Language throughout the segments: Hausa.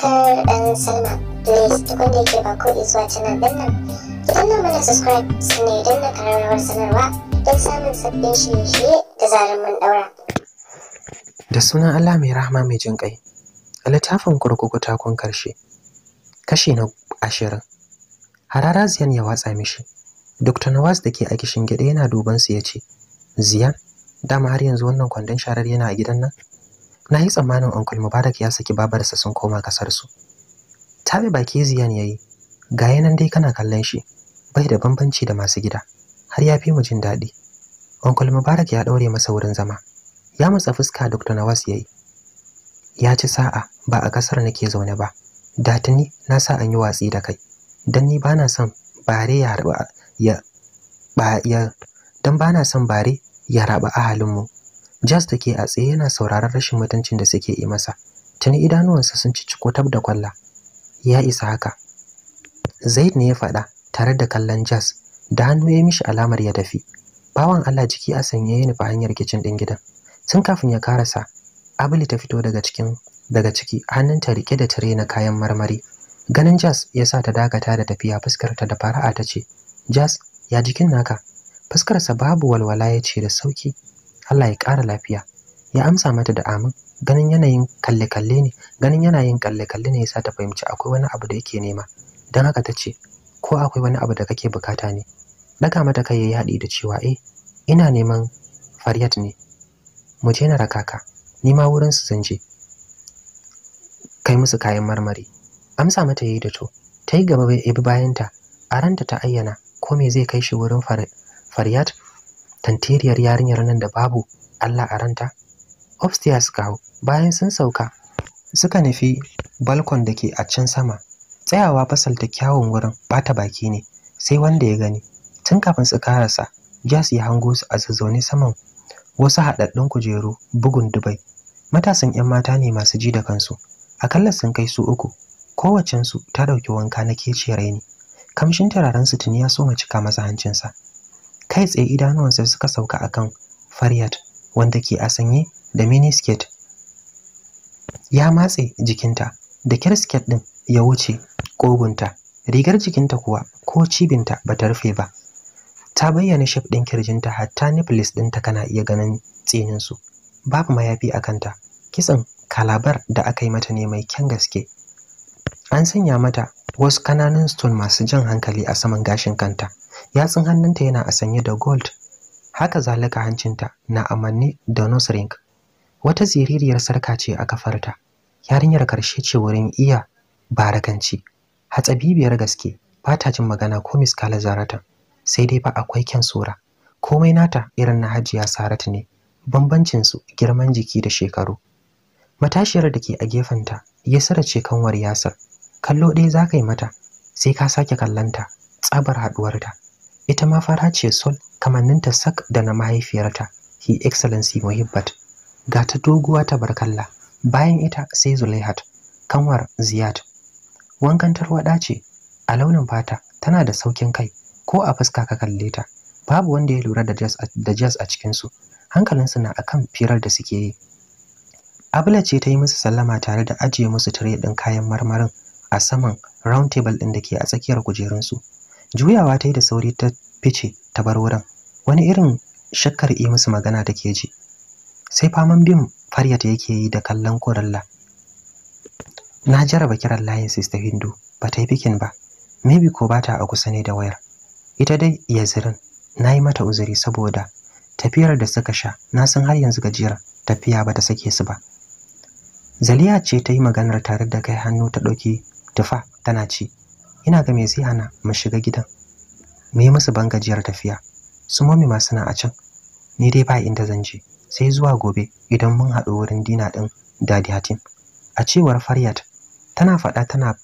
subscribe and sign up. Please tukun da yake ba ko zuwa canal din nan. Ki danna mana subscribe sannan idan na kararrawar sanarwa don samun sabbin shirye-shirye da zarar mun daura. Da sunan Allah mai rahama mai jin ƙai. A littafin kurkuku takon ƙarshe, Kashi na ashirin. Harara Ziyan ya watsa mishi. Dr. Nawaz da ke a kishin gida yana dubansu ya ce, Ziyan, dama har yanzu wannan kwandon sharar yana a gidan nan? na yi tsammanin Uncle Mubarak ya saki babarsa sun koma kasarsu. Tabe baki ziyan ya ga yanan dai kana kallon shi, bai da bambanci da masu gida, har ya fi mu jin daɗi. Uncle Mubarak ya ɗaure masa wurin zama, ya matsa fuska Dr. Nawas ya yi. Ya ci sa'a ba a kasar nake zaune ba, da tuni na sa an yi watsi da kai, don ni ba na son bare ya ba ya mu. ba son bare ya raba mu Jazz da ke a tsaye yana sauraron rashin mutuncin da suke yi masa. Tuni idanuwansa sun ci tab da kwalla. Ya isa haka. Zaid ne ya faɗa tare da kallon Jazz da hannu ya mishi alamar ya tafi. Bawan Allah jiki a sanye ya nufa hanyar kicin ɗin gidan. Tun kafin ya karasa, Abili ta fito daga cikin daga ciki hannunta riƙe da tare na kayan marmari. Ganin Jazz ya sa ta dakata da tafiya fuskarta da fara'a ta ce, "Jazz, ya jikin naka?" Fuskarsa babu walwala ya ce da sauki, Allah ya ƙara lafiya ya amsa mata da amin ganin yanayin kalle-kalle ne ganin yanayin kalle-kalle ne yasa ta fahimci akwai wani abu da yake nema don haka ta ce ko akwai wani abu da kake bukata ne daga mata kai ya haɗi da cewa eh ina neman faryat ne mu je na rakaka ni ma wurin su zanje. kai musu kayan marmari amsa mata ya yi da to ta yi gaba bai bayanta a ranta ta ayyana ko me zai kai shi wurin faryat Tanteriyar yarinyar nan da babu Allah a ranta upstairs suka bayan sun sauka suka nufi balkon da ke a can sama tsayawa fasal da kyawun wurin bata baki ne sai wanda ya gani tun kafin su karasa jas ya hango su a zazzaune saman wasu haɗaɗɗun kujeru bugun dubai matasan 'yan mata ne masu ji da kansu akalla sun kai su uku kowacensu ta ɗauki wanka na keciyar ne kamshin turaren su tuni ya so cika masa hancinsa kai tsaye idanuwansa suka sauka a kan faryat wanda ke a sanye da mini miniskirt ya matse jikinta da kyar skirt din ya wuce kogunta rigar jikinta kuwa ko cibinta ba ta rufe ba ta bayyana shif ɗin kirjinta hatta nipples ta kana iya ganin tsininsu babu mayafi a kanta kitson kalabar da aka yi mata ne mai kyan gaske an sanya mata wasu kananan stone masu jan hankali a saman gashin kanta yatsun hannunta yana a sanye da gold haka zalika hancinta na amanne da nose ring wata ziririyar sarka ce a kafarta yarinyar karshe ce wurin iya barakanci bibiyar gaske ba ta jin magana ko miskala zarata sai dai ba akwai kyan sura komai nata irin na hajiya saratu ne bambancin su girman jiki da shekaru matashiyar da ke a gefenta ya ce kanwar yasar kallo ɗaya za ka yi mata sai ka sake kallanta tsabar haduwarta ita ma fara ce sol kamannin ta sak da na mahaifiyarta hi excellency muhibbat ga ta doguwa ta barkalla, bayan ita sai zulaihat kanwar ziyad wankantar wada ce a launin fata tana da saukin kai ko a fuska ka kalle ta babu wanda ya lura da jazz a cikin cikinsu hankalinsu na akan firar da suke yi abla ce ta yi musu sallama tare da ajiye musu tire ɗin kayan marmarin a saman round table ɗin da ke a tsakiyar kujerunsu juyawa ta yi da sauri ta fice ta bar wurin wani irin shakkar yi musu magana ke ji sai faman bin faryata yake yi da kallon kuralla na jaraba kiran layin sista hindu ba ta yi bikin ba maybe ko ba ta a kusa ne da wayar ita dai yazirin na yi mata uzuri saboda tafiyar da suka sha na san har yanzu gajiyar tafiya ba ta sake su ba zaliya ce ta yi maganar tare da kai hannu ta ɗauki tufa tana ci ina ga me zai hana mu shiga gidan mu yi musu bangajiyar tafiya su Mami ma suna a can ni dai ba inda zan je sai zuwa gobe idan mun haɗu wurin dina ɗin dadi hatin. a cewar faryat tana faɗa tana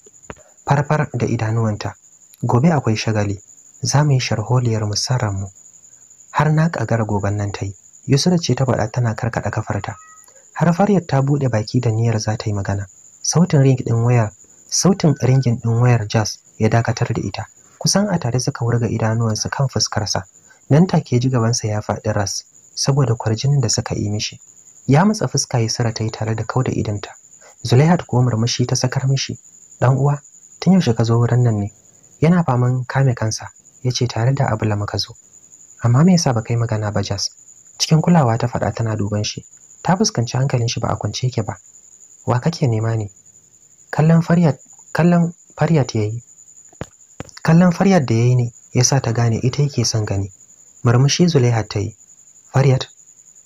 farfar da idanuwanta gobe akwai shagali za mu yi sharholiyar mu. har na ƙagar goban nan ta yi yusra ce ta faɗa tana karkaɗa kafarta har faryat ta buɗe baki da niyyar za ta yi magana sautin ring ɗin wayar sautin ringin ɗin wayar jazz ya dakatar da ita kusan a tare suka wurga idanuwansu kan fuskarsa nan take ji gabansa ya faɗi ras saboda kwarjinin da suka yi mishi ya matsa fuska ya sara yi tare da kauda idanta zulaihat ko murmushi ta sakar mishi dan uwa tun yaushe ka zo wurin nan ne yana faman kame kansa yace tare da abula muka zo amma me yasa ba kai magana ba jas cikin kulawa ta faɗa tana duban shi ta fuskanci hankalin shi ba a kwance yake ba wa kake nema ne kallon faryat kallon ta yayi kallon faryar da yayi ne yasa ta gane ita yake son gani murmushi zulaiha ta yi faryat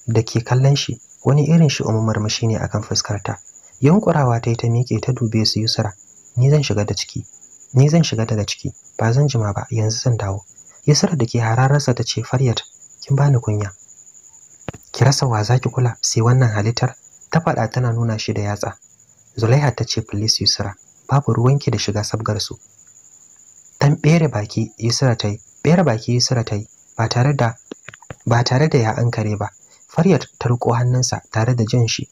da ke kallon shi wani irin shi umar murmushi ne akan fuskarta yunkurawa ta yi ta miƙe ta dube su yusra ni zan shiga da ciki ni zan shiga daga ciki ba zan jima ba yanzu zan dawo yusra da ke harararsa ta ce faryat kin bani kunya ki rasa wa zaki kula sai wannan halittar ta faɗa tana nuna shi da yatsa Zulaiha ta ce please Yusra, babu ruwanki da shiga sabgar su. Dan bere baki Yusra ta yi, bere baki Yusra ta yi, ba tare da ba tare da ya ankare ba. Faryat ta riko hannunsa tare da jan shi.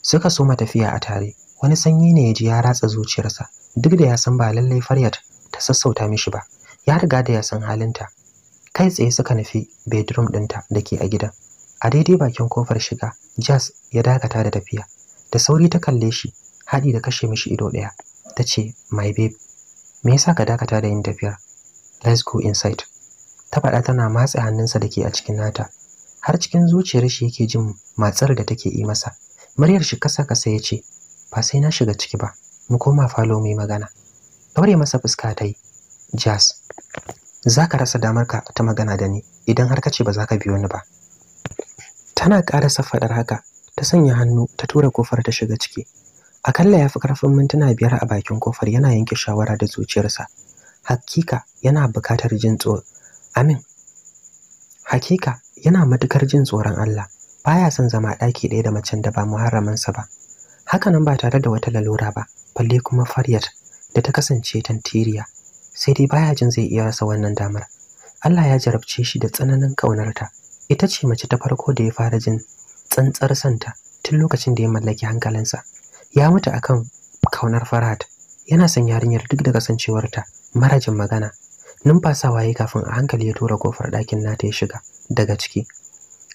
Suka soma tafiya a tare, wani sanyi ne ya ji ya ratsa zuciyarsa, duk da ya san ba lallai Faryat ta sassauta mishi ba. Ya riga da ya san halinta. Kai tsaye suka nufi bedroom ɗinta da ke a gidan. A daidai bakin kofar shiga, Jazz ya dakata da tafiya. Da sauri ta kalle shi, haɗi da kashe mishi ido ɗaya ta ce my babe me yasa ka dakata da yin tafiya? let's go inside ta faɗa tana matse hannunsa da ke a cikin nata har cikin zuciyar shi yake jin matsar da take yi masa muryar shi kasa kasa ya ce ba sai na shiga ciki ba mu koma falo mai magana daure masa fuska ta yi jazz za ka rasa damarka ta magana da ni idan har ka ce ba za ka biyo ni ba tana ƙara faɗar haka ta sanya hannu ta tura kofar ta shiga ciki akalla ya fi karfin mintuna biyar a bakin kofar yana yanke shawara da zuciyarsa hakika yana bukatar jin tsoro amin hakika yana matukar jin tsoron Allah baya son zama ɗaki ɗaya da macen da ba muharramansa ba hakanan ba tare da wata lalura ba balle kuma faryat da ta kasance tantiriya sai dai baya jin zai iya rasa wannan damar Allah ya jarabce shi da tsananin kaunarta ita ce mace ta farko da ya fara jin tsantsar santa tun lokacin da ya mallaki hankalinsa ya mutu a kan kaunar Farhat yana son yarinyar duk da kasancewarta marajin magana numfasawa yayi kafin a hankali ya tura kofar ɗakin nata ya shiga daga ciki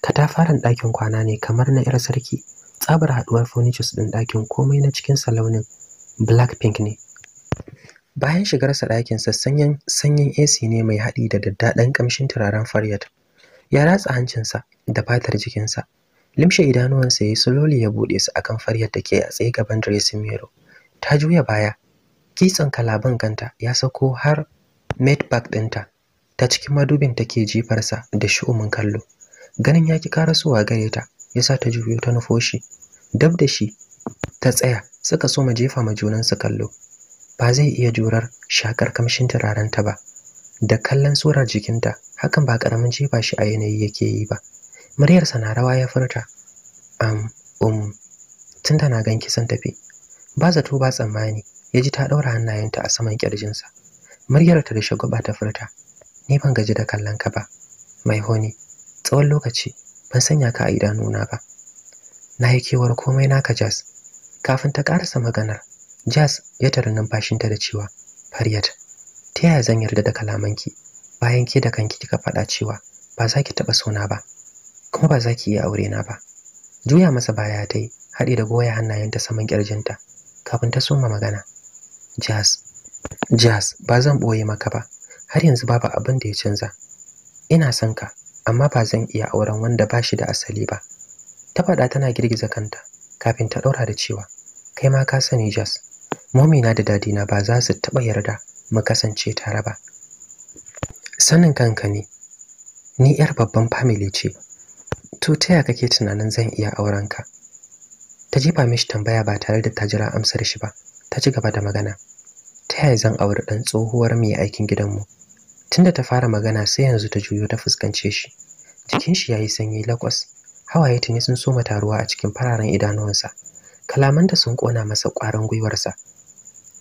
katafaren ɗakin kwana ne kamar na 'yar sarki tsabar haɗuwar furnitures ɗin ɗakin komai na cikin launin black pink ne bayan shigarsa ɗakinsa sanyin sanyin AC ne mai haɗi da daddaɗan ƙamshin turaren Faryat ya ratsa hancinsa da fatar jikinsa limshe idanuwansa yi sololi ya bude su akan faryar take a tsaye gaban dressing mirror ta juya baya kitsan kalaban kanta ya sako har back ɗinta ta cikin madubin take jifarsa da shi'umin kallo ganin ya ki karasuwa gare ta sa ta juyo ta nufo shi dab da shi ta tsaya suka so ma jefa ma su kallo ba zai iya jurar shakar kamshin turaren ta ba da kallon surar jikinta hakan ba karamin jefa shi a yanayi yake yi ba muryarsa na rawa ya furta am um tun da na ganki san tafi ba zato ba tsammani ya ji ta daura hannayenta a saman ƙirjinsa muryar ta da shagwaba ta furta ni ban gaji da kallon ka ba mai honi tsawon lokaci ban sanya ka a idanuna ba na yi kewar komai naka jas kafin ta karasa maganar jas ya tara numfashinta da cewa faryat ta yaya zan yarda da kalamanki bayan ke da kanki kika faɗa cewa ba za ki taɓa sona ba kuma ba za ki yi aure na ba juya masa baya ta yi haɗi da goya hannayenta saman ƙirjinta kafin ta soma magana jazz jazz ba zan ɓoye maka ba har yanzu babu abin da ya canza ina son ka amma ba zan iya auren wanda ba shi da asali ba ta faɗa tana girgiza kanta kafin ta ɗaura da cewa kai ma ka sani jazz momina da dadina ba za su taɓa yarda mu kasance tare ba sanin kanka ne ni yar babban family ce to ta kake tunanin zan iya auren ka ta jefa mishi tambaya ba tare da ta jira amsar shi ba ta ci gaba da magana ta yaya zan auri dan tsohuwar mai aikin gidanmu tunda ta fara magana sai yanzu ta juyo ta fuskance shi jikin shi yayi sanyi lakwas hawaye tuni sun soma taruwa a cikin fararen idanuwansa kalamanta sun kona masa ƙwarin gwiwarsa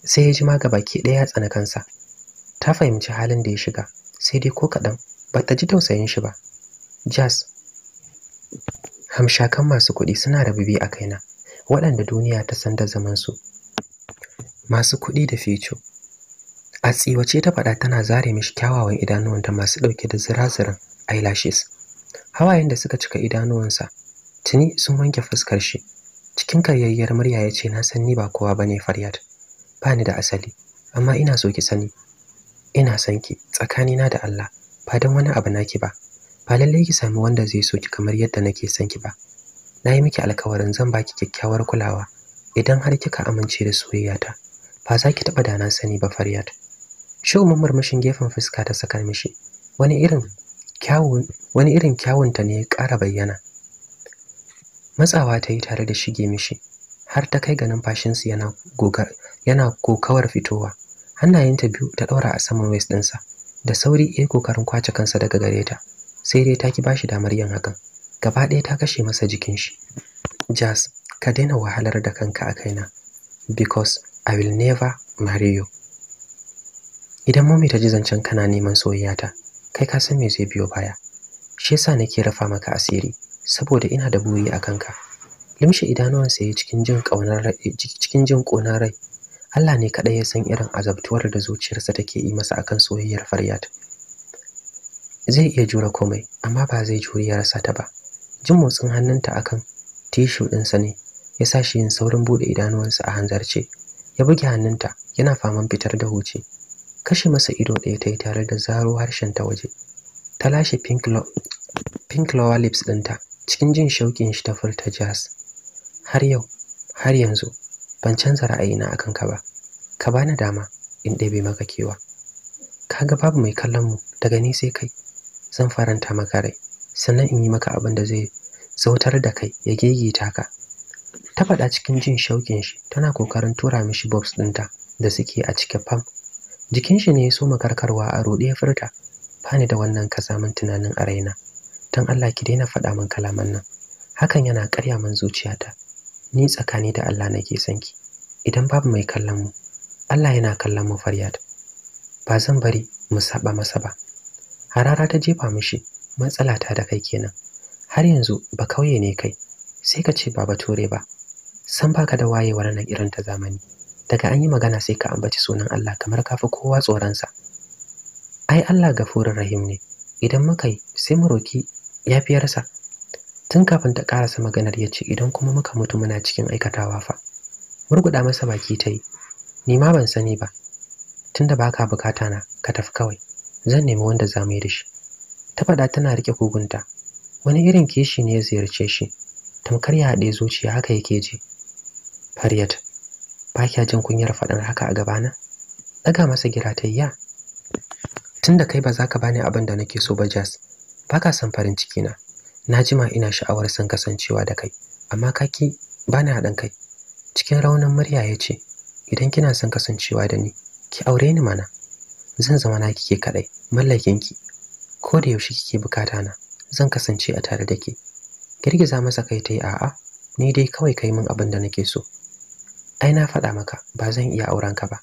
sai ya ji ma baki ɗaya ya tsana kansa ta fahimci halin da ya shiga sai dai ko kaɗan ba ta ji tausayin shi ba jazz hamshakan masu kuɗi suna da bibi a kaina waɗanda duniya ta san da zamansu masu kuɗi da feco a tsiwace ta faɗa tana zare mishi kyawawan idanuwanta masu ɗauke da zirazirin eyelashes hawayen da suka cika idanuwansa tuni sun wanke fuskar shi cikin karyayyar murya ya ce na san ni ba kowa bane faryat ba ni da asali amma ina so ki sani ina son ki tsakanina da Allah ba don wani abu naki ba ba lallai ki sami wanda zai so ki kamar yadda nake son ki ba na yi miki alkawarin zan baki kyakkyawar kulawa idan har kika amince da soyayyata ba za ki taɓa dana sani ba faryat mun murmushin gefen fuska ta saka mishi wani irin kyawun wani irin kyawunta ne ya ƙara bayyana matsawa ta yi tare da shige mishi har ta kai ga numfashinsa yana gogar yana kokawar fitowa hannayenta biyu ta ɗaura a saman waist ɗinsa da sauri iya kokarin kwace kansa daga gare ta sai dai ta ki bashi damar yin hakan gaba ɗaya ta kashe masa jikin shi jas ka daina wahalar da kanka a kaina because i will never marry you idan mami ta ji zancen kana neman soyayya ta kai ka san me zai biyo baya shi yasa nake rafa maka asiri saboda ina da buri a kanka limshi idanuwan ya cikin jin ƙaunar cikin jin kona rai Allah ne kaɗai ya san irin azabtuwar da zuciyarsa take yi masa akan soyayyar faryata. zai iya jura komai amma ba zai jure ya rasa ta ba jin motsin hannunta akan tishu ɗinsa ne ya sa shi yin saurin buɗe idanuwansa a hanzarce ya buge hannunta yana faman fitar da huce kashe masa ido ɗaya ta yi tare da zaro harshen ta waje ta lashe pink lower lips ɗinta cikin jin shauƙin shi ta furta jazz har yau har yanzu ban canza ra'ayina akan ka ba ka bani dama in ɗebe maka kewa kaga babu mai kallon mu daga ni sai kai zan faranta maka rai sannan in yi maka abin da zai zautar da kai ya gegeta ka ta faɗa cikin jin shaukin shi tana kokarin tura mishi bobs ɗinta da suke a cikin fam jikin shi ne ya soma karkarwa a roɗe ya furta bani da wannan min tunanin a raina don Allah ki daina faɗa min kalaman nan hakan yana karya min zuciyata ni tsakani da Allah nake son ki idan babu mai kallon mu Allah yana kallon mu faryat ba zan bari mu saba masa ba harara ta jefa mishi matsala ta da kai kenan har yanzu ba kauye ne kai sai ka ce ba bature ba san baka da wayewar nan irin ta zamani daga an yi magana sai ka ambaci sunan Allah kamar kafi kowa sa. ai Allah gafurur rahim ne idan muka yi sai mu roki yafiyarsa tun kafin ta karasa maganar ya ce idan kuma muka mutu muna cikin aikatawa fa murguda masa baki ta yi ni ma ban sani ba tunda baka bukata na ka tafi kawai zan nemi wanda za mu yi da shi ta faɗa tana riƙe kugunta wani irin kishi ne ya ziyarce shi tamkar ya haɗe zuciya haka yake ji Faryat. ba kya jin kunyar faɗin haka a gabana ɗaga masa gira ta Tun tunda kai ba za ka bani abin da nake so ba Jas ba ka san farin ciki na na jima ina sha'awar san kasancewa da kai amma kaki ba na haɗin kai cikin raunin murya ya ce idan kina son kasancewa da ni ki aure ni mana zan zama na kike kaɗai mallakin ki ko da yaushe kike bukata na zan kasance a tare da ke girgiza masa kai ta yi a'a ni dai kawai kai min abin da nake so ai na faɗa maka ba zan iya auren ka ba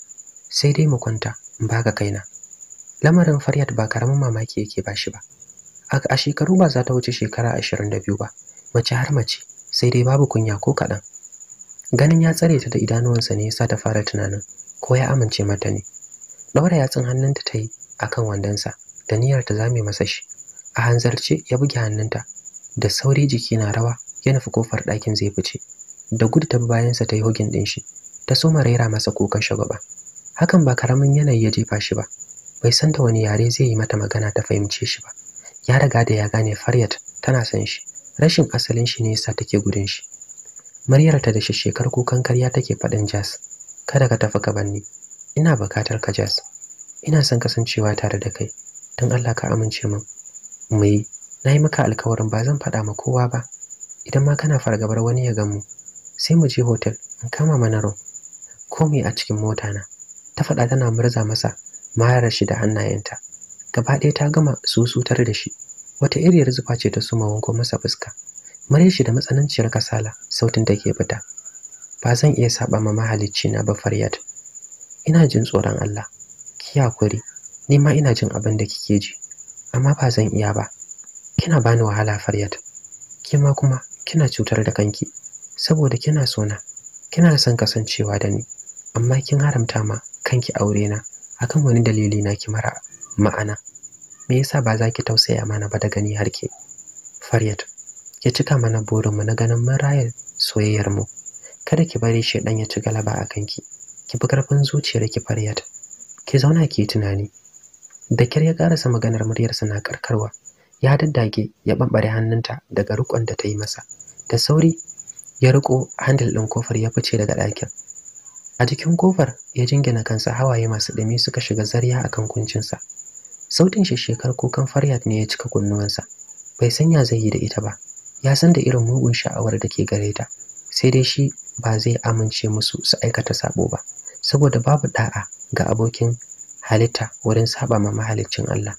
sai dai mu kwanta in baka na. lamarin faryat ba karamin mamaki yake ba shi ba a shekaru ba za ta wuce shekara ashirin da biyu ba mace har mace sai dai babu kunya ko kaɗan ganin ya tsare ta da idanuwansa ne yasa ta fara tunanin ko ya amince mata ne Ɗaura yatsun hannunta ta yi a kan wandonsa da niyyar ta zame masa shi. A hanzarce ya buge hannunta da sauri jiki na rawa ya nufi kofar ɗakin zai fice. Da gudu ta bi bayansa ta yi hugin ɗin shi. Ta soma raira masa kukan shagwaba. Hakan ba karamin yanayi ya jefa shi ba. Bai san da wani yare zai yi mata magana ta fahimce shi ba. Ya riga da ya gane Faryat tana son shi. Rashin asalin shi ne yasa take gudun shi. Muryarta ta da shekar kukan karya take faɗin Jas. Kada ka tafi ka banni. ina bukatar ka Jas ina son kasancewa tare da kai don Allah ka amince min mai na yi maka alkawarin ba zan faɗa ma kowa ba idan ma kana fargabar wani ya gamu sai mu je hotel in kama mana Ko komai a cikin mota na ta faɗa tana murza masa mayar shi da hannayenta gaba ɗaya ta gama susutar da shi wata iriyar zufa ce ta suma wanko masa fuska mare shi da matsananciyar kasala sautin da ke fita ba zan iya saba ma mahalicci na ba faryat ina jin tsoron Allah ki hakuri ni ma ina jin abin da kike ji amma ba zan iya ba kina bani wahala Faryat ki ma kuma kina cutar da kanki saboda kina sona kina son kasancewa da ni amma kin haramta ma kanki aure na akan wani dalili na ki mara ma'ana me yasa ba za ki tausaya mana ba da gani har ke Faryat ya cika mana burinmu na ganin mun rayar soyayyarmu kada ki bari shedan ya ci galaba a kanki ki fi karfin zuciyar ki faryat ki zauna ki yi tunani da kyar ya karasa maganar muryarsa na karkarwa ya daddage ya bambare hannunta daga rikon da ta yi masa da sauri ya riko handil ɗin kofar ya fice daga ɗakin a jikin kofar ya jingina kansa hawaye masu ɗumi suka shiga zarya a kan kuncinsa sautin shi shekar kukan faryat ne ya cika kunnuwansa bai san ya zai yi da ita ba ya san da irin mugun sha'awar da ke gare ta sai dai shi ba zai amince musu su aikata sabo ba saboda babu da'a ga abokin halitta wurin saba ma mahaliccin Allah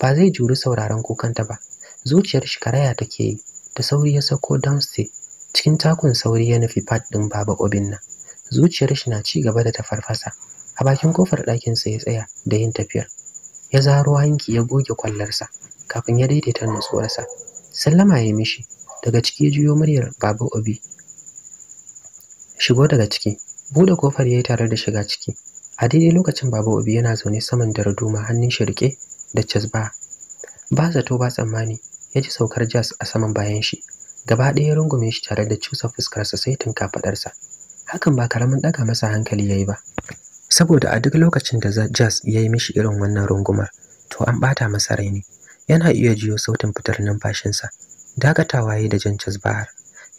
ba zai juri sauraron kukanta ba zuciyar shi karaya take yi da sauri ya sako downstay cikin takun sauri ya nufi pad din baba obinna zuciyar shi na ci gaba da tafarfasa a bakin kofar ɗakin sa ya tsaya da yin tafiyar ya zaro hanki ya goge kwallarsa kafin ya daidaita nutsuwarsa sallama ya mishi daga ciki ya juyo muryar baba obi shigo daga ciki bude kofar yayi tare da shiga ciki a daidai lokacin baba obi yana zaune saman daraduma hannun shi rike da casba ba zato ba tsammani ya ji saukar jazz a saman bayan shi gaba ɗaya rungume shi tare da cusa fuskarsa sai tunka hakan ba karamin ɗaga masa hankali yayi ba saboda a duk lokacin da jazz ya yi mishi irin wannan rungumar to an ɓata masa raini, yana iya jiyo sautin fitar numfashinsa dakatawa yayi da jan casbahar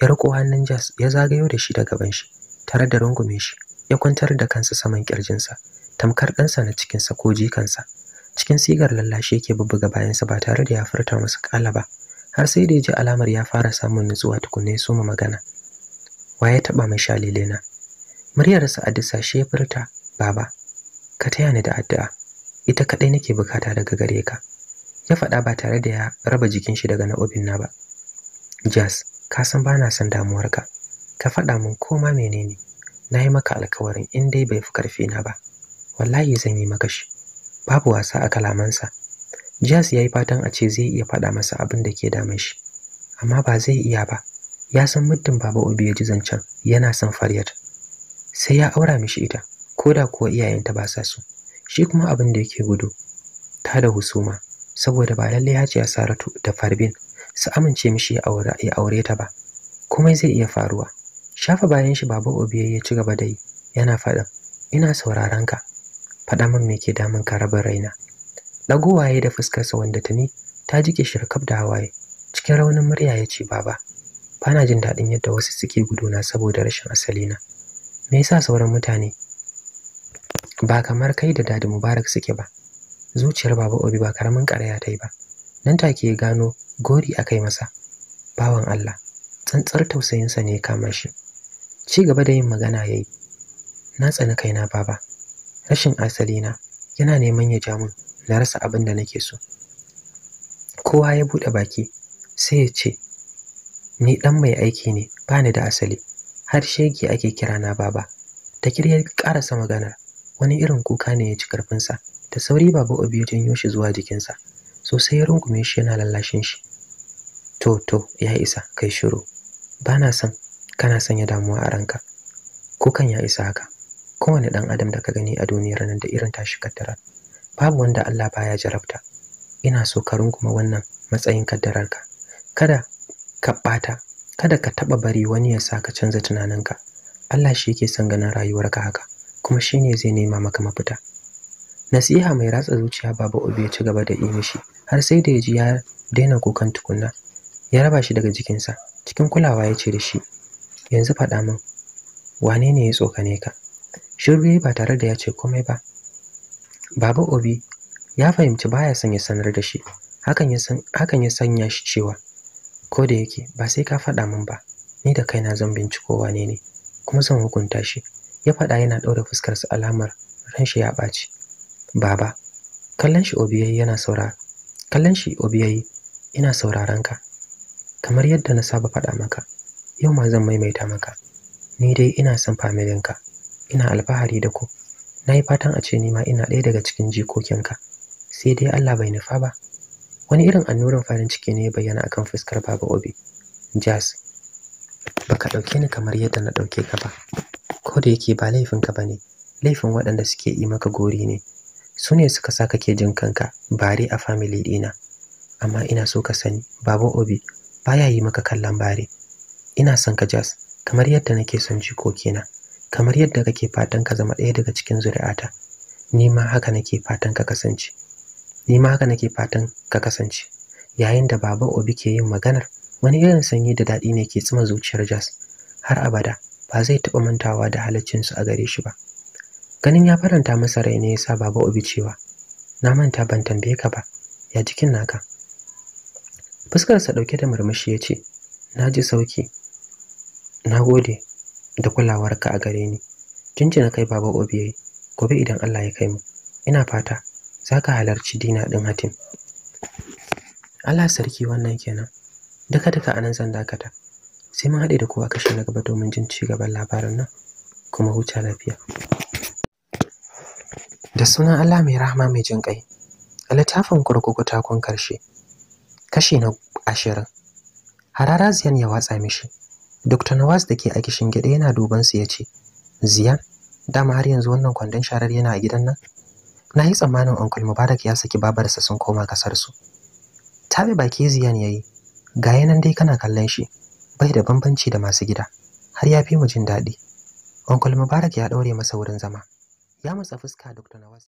ya riko hannun jas ya zagayo da shi daga gaban shi tare da rungume shi ya kwantar da kansa saman kirjinsa tamkar ɗansa na cikinsa ko jikansa cikin sigar lallashi yake bubbuga bayansa ba tare da ya furta masa kala ba har sai da ya ji alamar ya fara samun nutsuwa tukunna ya soma magana wa ya taɓa mai shalile na muryarsa a shi ya furta baba ka taya ni da addu'a ita kaɗai nake bukata daga gare ka ya faɗa ba tare da ya raba jikin shi daga na'obin na ba Jas. ka san ba na son damuwarka ka faɗa min koma menene na yi maka alkawarin in dai bai fi karfi na ba wallahi zan yi maka shi babu wasa a kalamansa jas ya yi fatan a ce zai iya faɗa masa abin da ke damun shi amma ba zai iya ba ya san muddin baba obi ya ji zancen yana son faryar. sai ya aura mishi ita ko da kuwa iyayenta ba sa so shi kuma abin da yake gudu ta da husuma saboda ba lallai ya ce saratu da farbin su amince mishi ya aure ya aure ta ba komai zai iya faruwa shafa bayan shi baba obi ya ci gaba da yi yana faɗa ina sauraron ka faɗa min me ke damun ka rabin raina dagowa ya da fuskarsa wanda tuni ta jike shirkaf da hawaye cikin raunin murya ya ce baba bana jin daɗin yadda wasu suke guduna saboda rashin asali na me yasa sauran mutane ba kamar kai da dadi mubarak suke ba zuciyar baba obi ba karamin karaya ta yi ba nan take ya gano gori aka yi masa bawan Allah tsantsar tausayinsa ne kama shi ci gaba da yin magana yayi na tsani kaina baba rashin asali na yana neman ya ja mun na rasa abin da nake so kowa ya bude baki sai ya ce ni dan mai aiki ne bani da asali har shege ake kira na baba ta kirya karasa maganar wani irin kuka ne ya ci karfinsa ta sauri baba obi ya janyo shi zuwa jikinsa sosai ya rungume shi yana lallashin shi to to ya isa kai shiru bana son kana sanya damuwa a ranka kukan ya isa haka kowane dan adam da ka gani a duniyar nan da irin tashi kaddara babu wanda Allah baya jarabta ina so ka runguma wannan matsayin kaddararka kada ka bata kada ka taba bari wani ya sa ka canza tunaninka Allah shi yake son ganin rayuwarka haka kuma shine zai nema maka mafita nasiha mai ratsa zuciya babu obi ya ci gaba da imishi. har sai da ya ji ya daina kukan tukunna ya raba shi daga jikinsa cikin kulawa ya ce da shi yanzu faɗa min wane ne ya tsokane ka shiru yi ba tare da ya ce komai ba baba obi ya fahimci baya son ya sanar da shi hakan ya sanya shi cewa ko da yake ba sai ka faɗa min ba ni da kaina zan binciko wane ne kuma zan hukunta shi ya faɗa yana ɗaura fuskarsa alamar ran shi ya ɓaci baba kallon shi obi yana yi. kallon ina sauraron ka kamar yadda na saba faɗa maka yau ma zan maimaita maka ni dai ina son familinka ina alfahari da ku na yi fatan a ce ni ma ina ɗaya daga cikin jikokinka sai dai Allah bai nufa ba wani irin annurin farin ciki ne ya bayyana akan fuskar baba obi jas baka ɗauke ni kamar yadda na ɗauke ka ba ko da yake ba laifinka ba ne laifin waɗanda suke yi maka gori ne su ne suka sa kake jin kanka bare a family ɗina amma ina so ka sani baba obi baya yi maka kallon bare ina son ka jas kamar yadda nake son jikokina kamar yadda kake fatan ka zama ɗaya daga cikin zuri'ata ni ma haka nake fatan ka kasance ni ma haka nake fatan ka kasance yayin da baba obi ke yin maganar wani irin sanyi da daɗi ne ke tsima zuciyar jas har abada ba zai taɓa mantawa da halaccinsu a gare shi ba ganin ya faranta masa rai ne sa baba obi cewa na manta ban tambaye ka ba ya jikin naka fuskarsa ɗauke da murmushi ya ce na ji sauki na gode da kulawarka a gare ni jinjina kai baba obiyai gobe idan allah ya kai mu ina fata za ka halarci dina ɗin hatim allah sarki wannan kenan duka duka anan zan dakata sai mun haɗe da kowa kashe na gaba domin jin ci gaban labarin nan kuma huta lafiya da sunan allah mai rahama mai jin ƙai a littafin kurkuku takon karshe kashi na ashirin harara ziyan ya watsa mishi dr nawaz da ke a kishin yana duban su ya ce ziyan dama har yanzu wannan kwandon sharar yana a gidan nan na yi tsammanin uncle mubarak ya saki babarsa sun koma kasar su bi baki ziyan yayi ga yanan dai kana kallon shi bai da bambanci da masu gida har ya fi mu jin daɗi uncle mubarak ya ɗaure masa wurin zama ya masa fuska dr nawaz